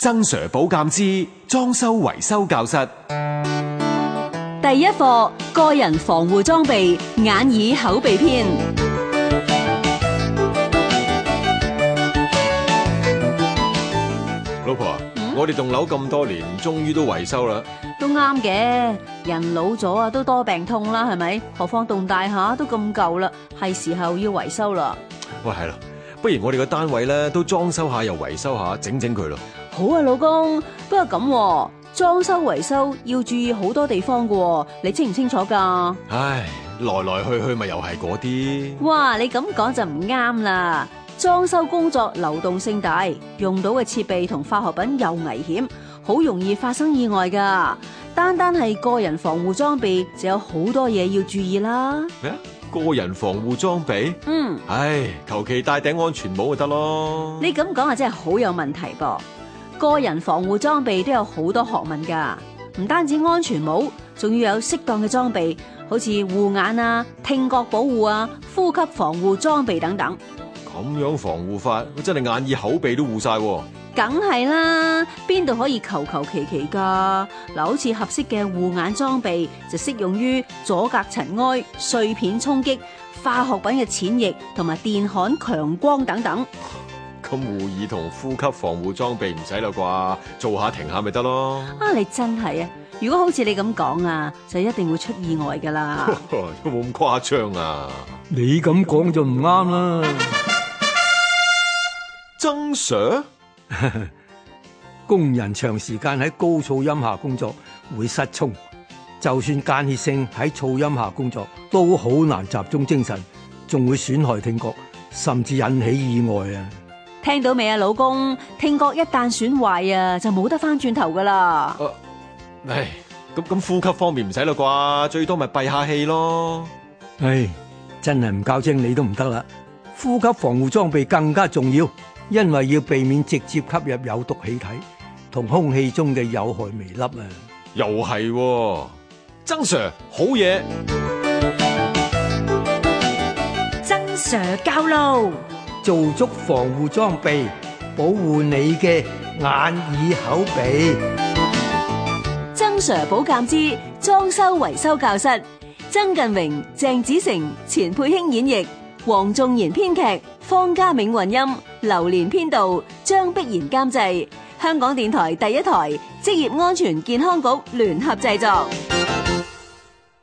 曾 sir 保鑑之裝修維修教室，第一課，個人防護裝備眼耳口鼻篇。老婆，嗯，我哋棟樓咁多年，終於都維修啦。都啱嘅，人老咗啊，都多病痛啦，係咪？何況棟大廈都咁舊啦，係時候要維修啦。喂，係啦，不如我哋個單位咧都裝修下，維修下，又維修下，整整佢咯。好啊，老公。不過咁，裝修維修要注意好多地方噶。你清唔清楚噶？唉，來來去去咪又係嗰啲。哇，你咁講就唔啱啦！裝修工作流動性大，用到嘅設備同化學品又危險，好容易發生意外噶。單單係個人防護裝備就有好多嘢要注意啦。咩啊？個人防護裝備？嗯。唉，求其戴頂安全帽就得咯。你咁講啊，真係好有問題噃。個人防護裝備都有好多學問噶，唔單止安全帽，仲要有適當嘅裝備，好似護眼啊、聽覺保護啊、呼吸防護裝備等等。咁樣防護法，我真係眼耳口鼻都護晒。梗係啦，邊度可以求求其其噶？嗱，好似合適嘅護眼裝備就適用於阻隔塵埃、碎片衝擊、化學品嘅濺液同埋電焊強光等等。咁護耳同呼吸防護裝備唔使啦啩，做下停下咪得咯啊！你真係啊，如果好似你咁講啊，就一定會出意外噶啦。呵呵，有冇咁誇張啊？你咁講就唔啱啦。曾 Sir 工人長時間喺高噪音下工作會失聰，就算間歇性喺噪音下工作都好難集中精神，仲會損害聽覺，甚至引起意外啊！聽到未啊，老公？聽覺一旦損壞啊，就冇得翻轉頭噶啦。呃，唉，咁咁呼吸方面唔使啦啩，最多咪閉下氣咯。唉，真係唔教精你都唔得啦。呼吸防護裝備更加重要，因為要避免直接吸入有毒氣體同空氣中嘅有害微粒啊。又係，曾 Sir 好嘢，曾 Sir 教路。做足防護裝備，保護你嘅眼、耳、口、鼻。曾 Sir 保鑑之裝修維修教室，曾近榮、鄭子誠、錢佩卿演繹，黃仲賢編劇，方家銘混音，劉連編導，張碧然監製，香港電台第一台職業安全健康局聯合製作。